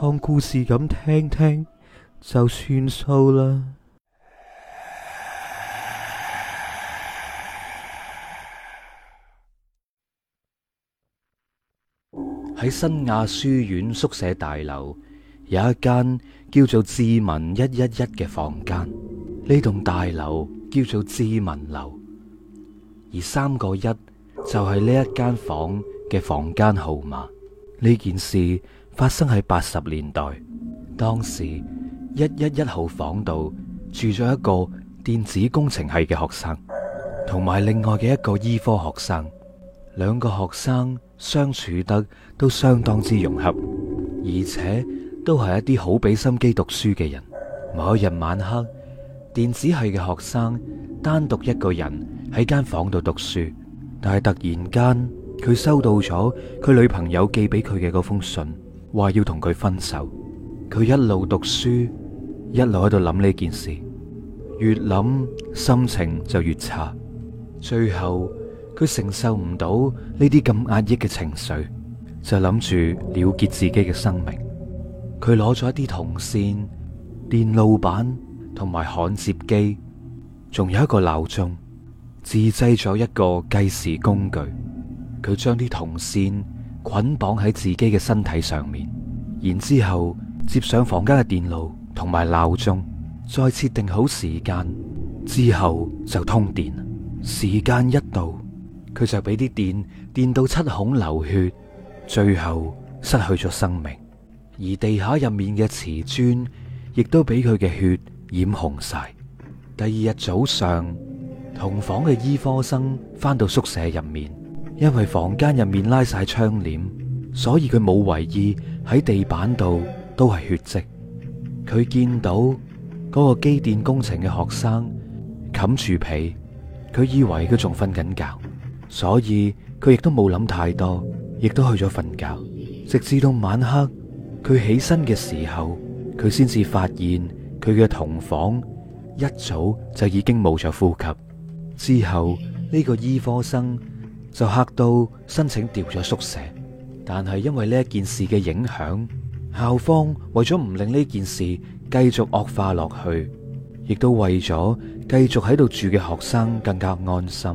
當故事咁聽聽就算數啦。喺新亞書院宿舍大樓有一間叫做志文一一一嘅房間，呢棟大樓叫做志文樓，而三個一就係呢一間房嘅房間號碼。呢件事，發生喺八十年代，當時一一一號房度住咗一個電子工程係嘅學生，同埋另外嘅一個醫科學生。兩個學生相處得都相當之融洽，而且都係一啲好俾心機讀書嘅人。某日晚黑，電子係嘅學生單獨一個人喺間房度讀書，但係突然間佢收到咗佢女朋友寄俾佢嘅嗰封信。話要同佢分手，佢一路讀書，一路喺度諗呢件事，越諗心情就越差，最後佢承受唔到呢啲咁壓抑嘅情緒，就諗住了結自己嘅生命。佢攞咗一啲銅線、電路板同埋焊接機，仲有一個鬧鐘，自製咗一個計時工具。佢將啲銅線。捆綁喺自己嘅身體上面，然之後接上房間嘅電路同埋鬧鐘，再設定好時間之後就通電。時間一到，佢就俾啲電電到七孔流血，最後失去咗生命。而地下入面嘅瓷磚亦都俾佢嘅血染紅晒。第二日早上，同房嘅醫科生翻到宿舍入面。因為房間入面拉晒窗簾，所以佢冇懷疑喺地板度都係血迹。佢見到嗰個機電工程嘅學生冚住被，佢以為佢仲瞓緊覺，所以佢亦都冇諗太多，亦都去咗瞓覺。直至到晚黑，佢起身嘅時候，佢先至發現佢嘅同房一早就已經冇咗呼吸。之後呢、呢個醫科生。就嚇到申請調咗宿舍，但係因為呢一件事嘅影響，校方為咗唔令呢件事繼續惡化落去，亦都為咗繼續喺度住嘅學生更加安心，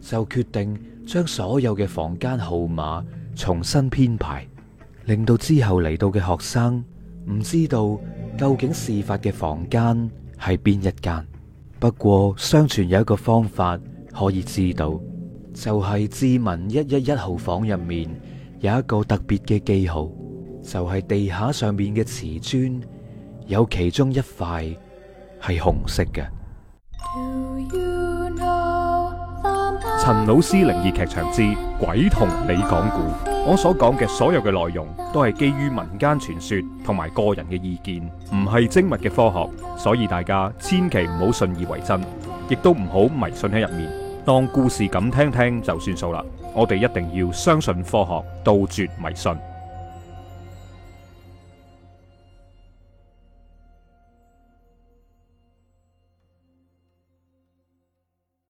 就決定將所有嘅房間號碼重新編排，令到之後嚟到嘅學生唔知道究竟事發嘅房間係邊一間。不過相傳有一個方法可以知道。就係志文一一一號房入面有一個特別嘅記號，就係地下上面嘅瓷磚有其中一塊係紅色嘅。陳老師靈異劇場之鬼同你講古，我所講嘅所有嘅內容都係基於民間傳說同埋個人嘅意見，唔係精密嘅科學，所以大家千祈唔好信以為真，亦都唔好迷信喺入面。當故事咁聽聽就算數啦，我哋一定要相信科學，杜絕迷信。